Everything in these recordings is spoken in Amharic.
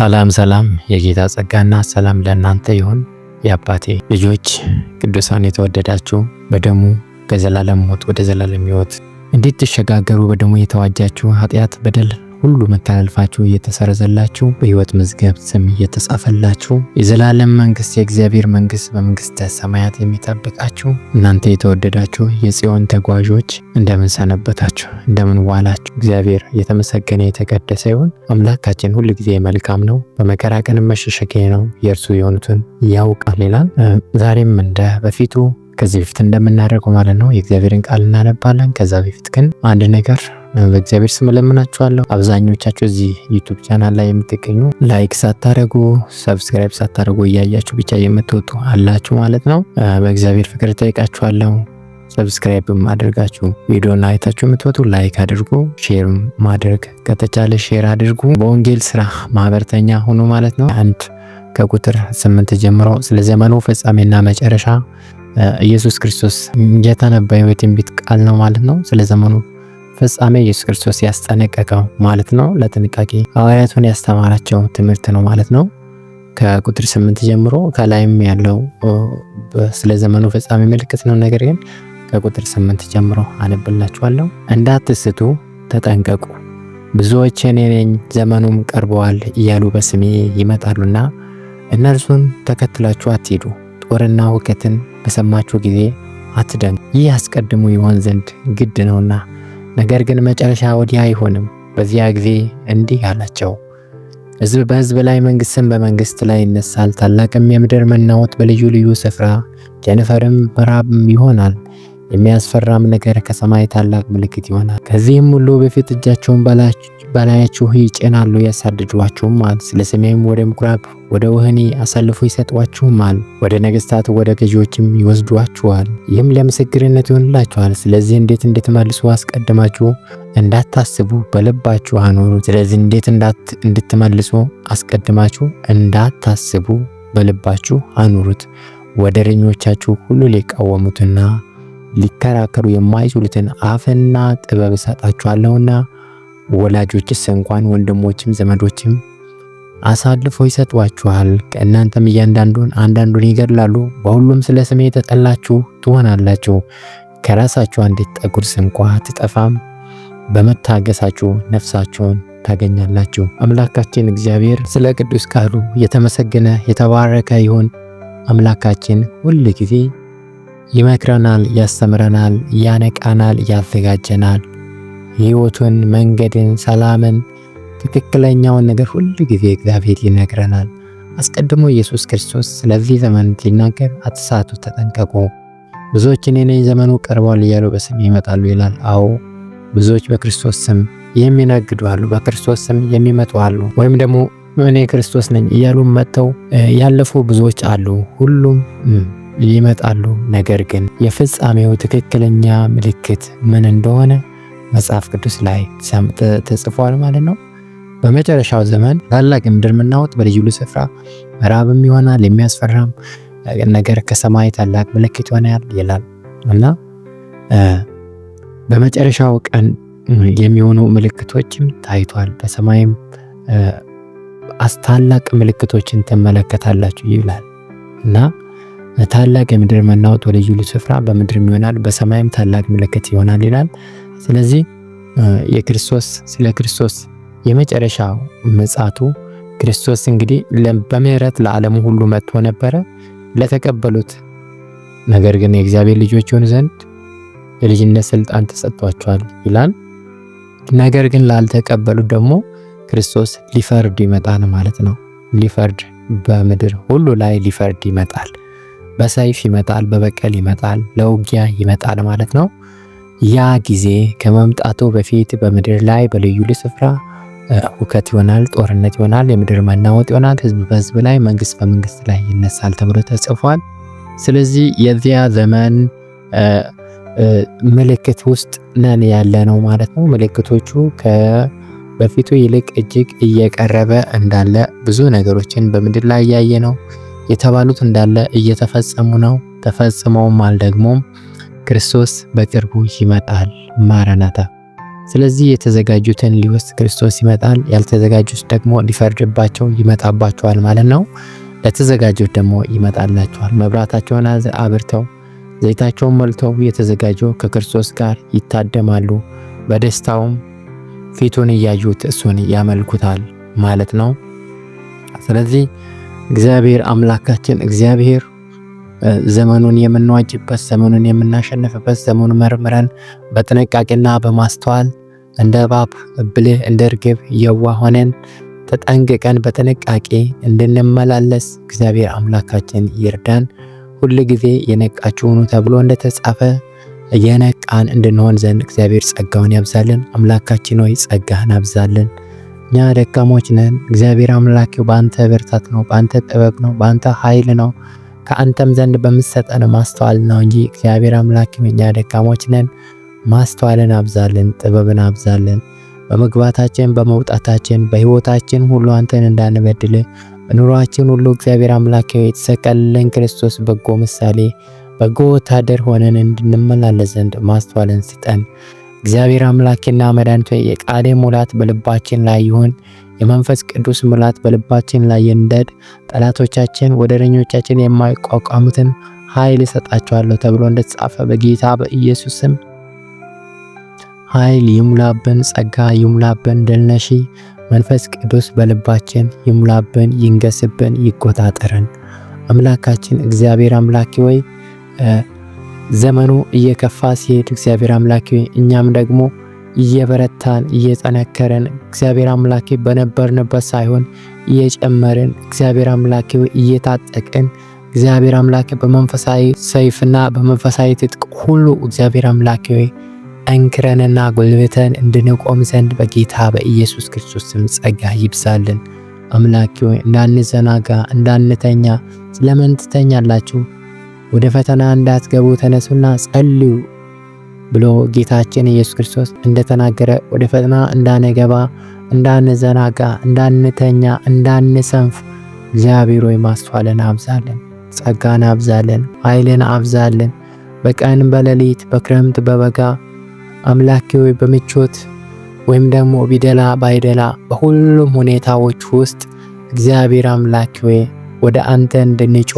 ሰላም ሰላም፣ የጌታ ጸጋና ሰላም ለእናንተ ይሁን። የአባቴ ልጆች ቅዱሳን የተወደዳችሁ በደሙ ከዘላለም ሞት ወደ ዘላለም ሕይወት እንዴት ትሸጋገሩ በደሙ የተዋጃችሁ ኃጢአት፣ በደል ሁሉ መተላልፋችሁ እየተሰረዘላችሁ በህይወት መዝገብ ስም እየተጻፈላችሁ የዘላለም መንግስት የእግዚአብሔር መንግስት በመንግስተ ሰማያት የሚጠብቃችሁ እናንተ የተወደዳችሁ የጽዮን ተጓዦች እንደምን ሰነበታችሁ? እንደምን ዋላችሁ? እግዚአብሔር የተመሰገነ የተቀደሰ ይሁን። አምላካችን ሁል ጊዜ መልካም ነው፣ በመከራ ቀን መሸሸጊያ ነው፣ የእርሱ የሆኑትን ያውቃል ይላል። ዛሬም እንደ በፊቱ ከዚህ በፊት እንደምናደርገው ማለት ነው የእግዚአብሔርን ቃል እናነባለን። ከዛ በፊት ግን አንድ ነገር በእግዚአብሔር ስም ለምናችኋለሁ። አብዛኞቻችሁ እዚህ ዩቱብ ቻናል ላይ የምትገኙ ላይክ ሳታደረጉ ሰብስክራይብ ሳታደረጉ እያያችሁ ብቻ የምትወጡ አላችሁ ማለት ነው። በእግዚአብሔር ፍቅር ጠይቃችኋለሁ። ሰብስክራይብም አድርጋችሁ ቪዲዮን አይታችሁ የምትወጡ ላይክ አድርጉ። ሼር ማድረግ ከተቻለ ሼር አድርጉ። በወንጌል ስራ ማህበርተኛ ሆኖ ማለት ነው። አንድ ከቁጥር ስምንት ጀምሮ ስለ ዘመኑ ፍጻሜና መጨረሻ ኢየሱስ ክርስቶስ የተነበየው የትንቢት ቃል ነው ማለት ነው። ስለ ዘመኑ ፍጻሜ ኢየሱስ ክርስቶስ ያስጠነቀቀው ማለት ነው። ለጥንቃቄ ሐዋርያቱን ያስተማራቸው ትምህርት ነው ማለት ነው። ከቁጥር ስምንት ጀምሮ ከላይም ያለው ስለ ዘመኑ ፍጻሜ ምልክት ነው። ነገር ግን ከቁጥር ስምንት ጀምሮ አነብላችኋለሁ። እንዳትስቱ ተጠንቀቁ፣ ብዙዎች እኔ ነኝ ዘመኑም ቀርበዋል እያሉ በስሜ ይመጣሉና እነርሱን ተከትላችሁ አትሂዱ። ጦርና ሁከትን በሰማችሁ ጊዜ አትደንቁ፣ ይህ አስቀድሞ ይሆን ዘንድ ግድ ነውና ነገር ግን መጨረሻ ወዲያ አይሆንም። በዚያ ጊዜ እንዲህ አላቸው፣ ሕዝብ በሕዝብ ላይ መንግስትም በመንግስት ላይ ይነሳል። ታላቅም የምድር መናወጥ በልዩ ልዩ ስፍራ ቸነፈርም፣ በራብም ይሆናል። የሚያስፈራም ነገር ከሰማይ ታላቅ ምልክት ይሆናል። ከዚህም ሁሉ በፊት እጃቸውን በላያችሁ ይጭናሉ ያሳድጇችሁማል። ስለ ስሜም ወደ ምኩራብ ወደ ወህኒ አሳልፎ ይሰጧችሁማል። ወደ ነገስታት ወደ ገዢዎችም ይወስዷችኋል። ይህም ለምስክርነት ይሆንላችኋል። ስለዚህ እንዴት እንድትመልሱ አስቀድማችሁ እንዳታስቡ በልባችሁ አኖሩ። ስለዚህ እንዴት እንድትመልሱ አስቀድማችሁ እንዳታስቡ በልባችሁ አኑሩት። ወደረኞቻችሁ ሁሉ ሊቃወሙትና ሊከራከሩ የማይችሉትን አፍና ጥበብ እሰጣችኋለሁና ወላጆችስ እንኳን ወንድሞችም ዘመዶችም አሳልፈው ይሰጧችኋል። ከእናንተም እያንዳንዱን አንዳንዱን ይገድላሉ። በሁሉም ስለ ስሜ የተጠላችሁ ትሆናላችሁ። ከራሳችሁ አንዲት ጠጉር እንኳ ትጠፋም በመታገሳችሁ ነፍሳችሁን ታገኛላችሁ። አምላካችን እግዚአብሔር ስለ ቅዱስ ቃሉ የተመሰገነ የተባረከ ይሁን። አምላካችን ሁል ጊዜ ይመክረናል፣ ያስተምረናል፣ ያነቃናል፣ ያዘጋጀናል። ሕይወቱን፣ መንገድን፣ ሰላምን፣ ትክክለኛውን ነገር ሁሉ ጊዜ እግዚአብሔር ይነግረናል። አስቀድሞ ኢየሱስ ክርስቶስ ስለዚህ ዘመን ሲናገር አትሳቱ፣ ተጠንቀቁ፣ ብዙዎች እኔ ነኝ ዘመኑ ቀርቧል እያሉ በስም ይመጣሉ ይላል። አዎ ብዙዎች በክርስቶስ ስም የሚነግዱ አሉ፣ በክርስቶስ ስም የሚመጡ አሉ። ወይም ደግሞ እኔ ክርስቶስ ነኝ እያሉ መጥተው ያለፉ ብዙዎች አሉ። ሁሉም ይመጣሉ። ነገር ግን የፍጻሜው ትክክለኛ ምልክት ምን እንደሆነ መጽሐፍ ቅዱስ ላይ ተጽፏል ማለት ነው። በመጨረሻው ዘመን ታላቅ የምድር መናወጥ በልዩ ልዩ ስፍራ ራብም ይሆናል፣ የሚያስፈራም ነገር ከሰማይ ታላቅ ምልክት ይሆናል ይላል እና በመጨረሻው ቀን የሚሆኑ ምልክቶችም ታይቷል። በሰማይም አስታላቅ ምልክቶችን ትመለከታላችሁ ይላል እና ታላቅ የምድር መናወጥ ወደ ልዩ ስፍራ በምድርም ይሆናል በሰማይም ታላቅ ምልክት ይሆናል ይላል። ስለዚህ የክርስቶስ ስለ ክርስቶስ የመጨረሻ ምጻቱ ክርስቶስ እንግዲህ በምረት ለዓለሙ ሁሉ መጥቶ ነበረ ለተቀበሉት ነገር ግን የእግዚአብሔር ልጆች ይሆኑ ዘንድ የልጅነት ስልጣን ተሰጥቷቸዋል ይላል። ነገር ግን ላልተቀበሉት ደግሞ ክርስቶስ ሊፈርድ ይመጣል ማለት ነው። ሊፈርድ በምድር ሁሉ ላይ ሊፈርድ ይመጣል። በሰይፍ ይመጣል፣ በበቀል ይመጣል፣ ለውጊያ ይመጣል ማለት ነው። ያ ጊዜ ከመምጣቱ በፊት በምድር ላይ በልዩ ልዩ ስፍራ ሁከት ይሆናል፣ ጦርነት ይሆናል፣ የምድር መናወጥ ይሆናል፣ ህዝብ በህዝብ ላይ፣ መንግስት በመንግስት ላይ ይነሳል ተብሎ ተጽፏል። ስለዚህ የዚያ ዘመን ምልክት ውስጥ ነን ያለ ነው ማለት ነው። ምልክቶቹ ከበፊቱ ይልቅ እጅግ እየቀረበ እንዳለ ብዙ ነገሮችን በምድር ላይ እያየ ነው። የተባሉት እንዳለ እየተፈጸሙ ነው፣ ተፈጽመውማል። ደግሞም ክርስቶስ በቅርቡ ይመጣል። ማረናታ። ስለዚህ የተዘጋጁትን ሊወስድ ክርስቶስ ይመጣል። ያልተዘጋጁት ደግሞ ሊፈርድባቸው ይመጣባቸዋል ማለት ነው። ለተዘጋጁት ደግሞ ይመጣላቸዋል። መብራታቸውን አብርተው ዘይታቸውን ሞልተው የተዘጋጁ ከክርስቶስ ጋር ይታደማሉ። በደስታውም ፊቱን እያዩት እሱን ያመልኩታል ማለት ነው። ስለዚህ እግዚአብሔር አምላካችን እግዚአብሔር ዘመኑን የምንዋጅበት ዘመኑን የምናሸንፍበት ዘመኑ መርምረን በጥንቃቄና በማስተዋል እንደ እባብ ብልህ እንደ ርግብ የዋ ሆነን ተጠንቅቀን በጥንቃቄ እንድንመላለስ እግዚአብሔር አምላካችን ይርዳን። ሁል ጊዜ የነቃችሁ ሁኑ ተብሎ እንደተጻፈ የነቃን እንድንሆን ዘንድ እግዚአብሔር ጸጋውን ያብዛልን። አምላካችን ሆይ ጸጋህን አብዛልን። እኛ ደካሞች ነን። እግዚአብሔር አምላክ በአንተ ብርታት ነው፣ በአንተ ጥበብ ነው፣ በአንተ ኃይል ነው፣ ከአንተም ዘንድ በምሰጠን ማስተዋል ነው እንጂ እግዚአብሔር አምላክ እኛ ደካሞች ነን። ማስተዋልን አብዛልን፣ ጥበብን አብዛልን። በመግባታችን በመውጣታችን በህይወታችን ሁሉ አንተን እንዳንበድል በኑሯችን ሁሉ እግዚአብሔር አምላክ የተሰቀለልን ክርስቶስ በጎ ምሳሌ በጎ ወታደር ሆነን እንድንመላለስ ዘንድ ማስተዋልን ስጠን። እግዚአብሔር አምላኬና መድኃኒቴ የቃሌ ሙላት በልባችን ላይ ይሁን። የመንፈስ ቅዱስ ሙላት በልባችን ላይ ይንደድ። ጠላቶቻችን ወደረኞቻችን የማይቋቋሙትን ኃይል እሰጣቸዋለሁ ተብሎ እንደተጻፈ በጌታ በኢየሱስ ስም ኃይል ይሙላብን፣ ጸጋ ይሙላብን፣ ድል መንፈስ ቅዱስ በልባችን ይሙላብን፣ ይንገስብን፣ ይቆጣጠረን። አምላካችን እግዚአብሔር አምላኪ ወይ ዘመኑ እየከፋ ሲሄድ እግዚአብሔር አምላኬ እኛም ደግሞ እየበረታን እየጠነከረን እግዚአብሔር አምላኬ በነበርንበት ሳይሆን እየጨመርን እግዚአብሔር አምላኬ እየታጠቅን እግዚአብሔር አምላኬ በመንፈሳዊ ሰይፍና በመንፈሳዊ ትጥቅ ሁሉ እግዚአብሔር አምላኬ ጠንክረንና ጎልብተን እንድንቆም ዘንድ በጌታ በኢየሱስ ክርስቶስ ስም ጸጋ ይብዛልን። አምላኬ እንዳንዘናጋ እንዳንተኛ። ስለምን ትተኛላችሁ? ወደ ፈተና እንዳትገቡ ተነሱና ጸልዩ ብሎ ጌታችን ኢየሱስ ክርስቶስ እንደተናገረ ወደ ፈተና እንዳንገባ፣ እንዳንዘናጋ፣ እንዳንተኛ፣ እንዳንሰንፍ እግዚአብሔር ሆይ ማስተዋልን አብዛለን፣ ጸጋን አብዛለን፣ ኃይልን አብዛለን። በቀን በሌሊት በክረምት በበጋ አምላኪ ሆይ በምቾት ወይም ደግሞ ቢደላ ባይደላ በሁሉም ሁኔታዎች ውስጥ እግዚአብሔር አምላኪ ሆይ ወደ አንተ እንድንጮ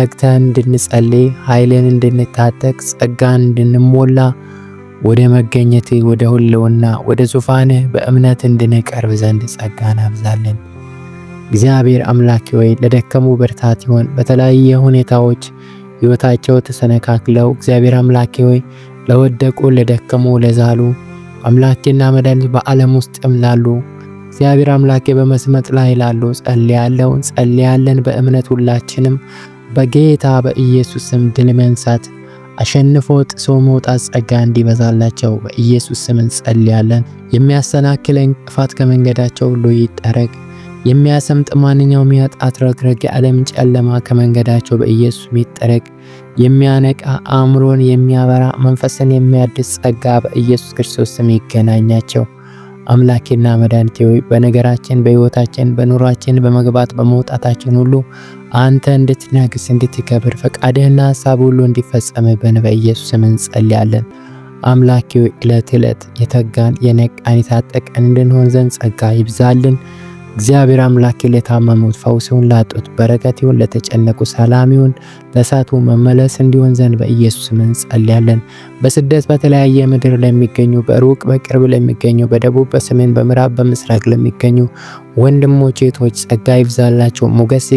ተግተን እንድንጸልይ፣ ኃይልን እንድንታጠቅ፣ ጸጋን እንድንሞላ ወደ መገኘት ወደ ሁልውና ወደ ዙፋንህ በእምነት እንድንቀርብ ዘንድ ጸጋን አብዛልን። እግዚአብሔር አምላኪ ሆይ ለደከሙ ብርታት ይሆን። በተለያየ ሁኔታዎች ሕይወታቸው ተሰነካክለው እግዚአብሔር አምላኪ ሆይ ለወደቁ፣ ለደከሙ፣ ለዛሉ አምላኬና መድኃኒት በዓለም ውስጥም ላሉ እግዚአብሔር አምላኬ በመስመጥ ላይ ላሉ ጸልያለሁ፣ ጸልያለን በእምነት ሁላችንም በጌታ በኢየሱስ ስም ድል መንሳት አሸንፎ ጥሶ መውጣት ጸጋ እንዲበዛላቸው በኢየሱስ ስም እንጸልያለን። የሚያሰናክል ጥፋት ከመንገዳቸው ሁሉ ይጠረግ። የሚያሰምጥ ማንኛውም ረግረግ የዓለም ጨለማ ከመንገዳቸው በኢየሱስ ይጠረግ። የሚያነቃ አእምሮን የሚያበራ መንፈስን የሚያድስ ጸጋ በኢየሱስ ክርስቶስ ስም ይገናኛቸው። አምላኬና መድኃኒቴ ሆይ በነገራችን፣ በሕይወታችን፣ በኑሯችን፣ በመግባት በመውጣታችን ሁሉ አንተ እንድትነግስ እንድትከብር ፈቃድህና ሀሳብ ሁሉ ኢየሱስ ስም እንጸልያለን። አምላኪው ዕለት ዕለት የተጋን የነቃን የታጠቀን እንድንሆን ዘንድ ጸጋ ይብዛልን። እግዚአብሔር አምላክ ለታመሙት ፈውስ ላጡት በረከት ይሁን፣ ለተጨነቁ ሰላም ይሁን፣ ለሳቱ መመለስ እንዲሆን ዘንድ በኢየሱስ ስም እንጸልያለን። በስደት በተለያየ ምድር ለሚገኙ በሩቅ በቅርብ ለሚገኙ በደቡብ በሰሜን በምዕራብ በምስራቅ ለሚገኙ ወንድሞች ሴቶች ጸጋ ይብዛላቸው፣ ሞገስ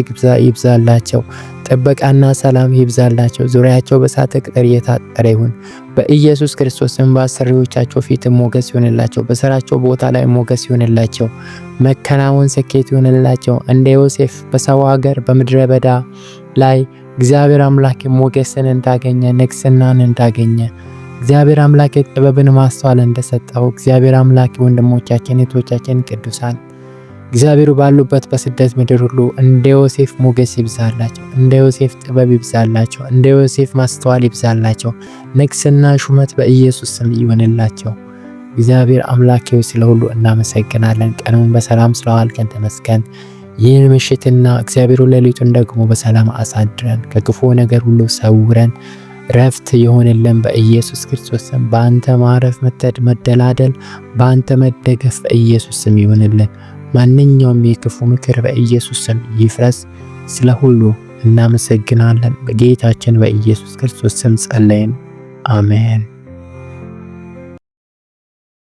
ይብዛላቸው። ጥበቃና ሰላም ይብዛላቸው። ዙሪያቸው በእሳተ ቅጥር የታጠረ ይሁን። በኢየሱስ ስም በአሰሪዎቻቸው ፊት ሞገስ ይሆንላቸው። በስራቸው ቦታ ላይ ሞገስ ይሆንላቸው። መከናወን ስኬት ይሆንላቸው። እንደ ዮሴፍ በሰው ሀገር በምድረ በዳ ላይ እግዚአብሔር አምላክ ሞገስን እንዳገኘ ንግስናን እንዳገኘ እግዚአብሔር አምላክ ጥበብን ማስተዋል እንደሰጠው እግዚአብሔር አምላክ ወንድሞቻችን እህቶቻችን ቅዱሳን እግዚአብሔሩ ባሉበት በስደት ምድር ሁሉ እንደ ዮሴፍ ሞገስ ይብዛላቸው፣ እንደ ዮሴፍ ጥበብ ይብዛላቸው፣ እንደ ዮሴፍ ማስተዋል ይብዛላቸው። ንግስና ሹመት በኢየሱስ ስም ይሆንላቸው። እግዚአብሔር አምላክ ስለ ሁሉ እናመሰግናለን። ቀኑን በሰላም ስለዋልከን ተመስገን። ይህን ምሽትና እግዚአብሔሩ ሌሊቱን ደግሞ በሰላም አሳድረን፣ ከክፉ ነገር ሁሉ ሰውረን፣ ረፍት የሆንልን በኢየሱስ ክርስቶስ ስም። በአንተ ማረፍ መተድ መደላደል፣ በአንተ መደገፍ በኢየሱስ ስም ይሆንልን። ማንኛውም የክፉ ምክር በኢየሱስ ስም ይፍረስ። ስለ ሁሉ እናመሰግናለን። በጌታችን በኢየሱስ ክርስቶስ ስም ጸለይን። አሜን።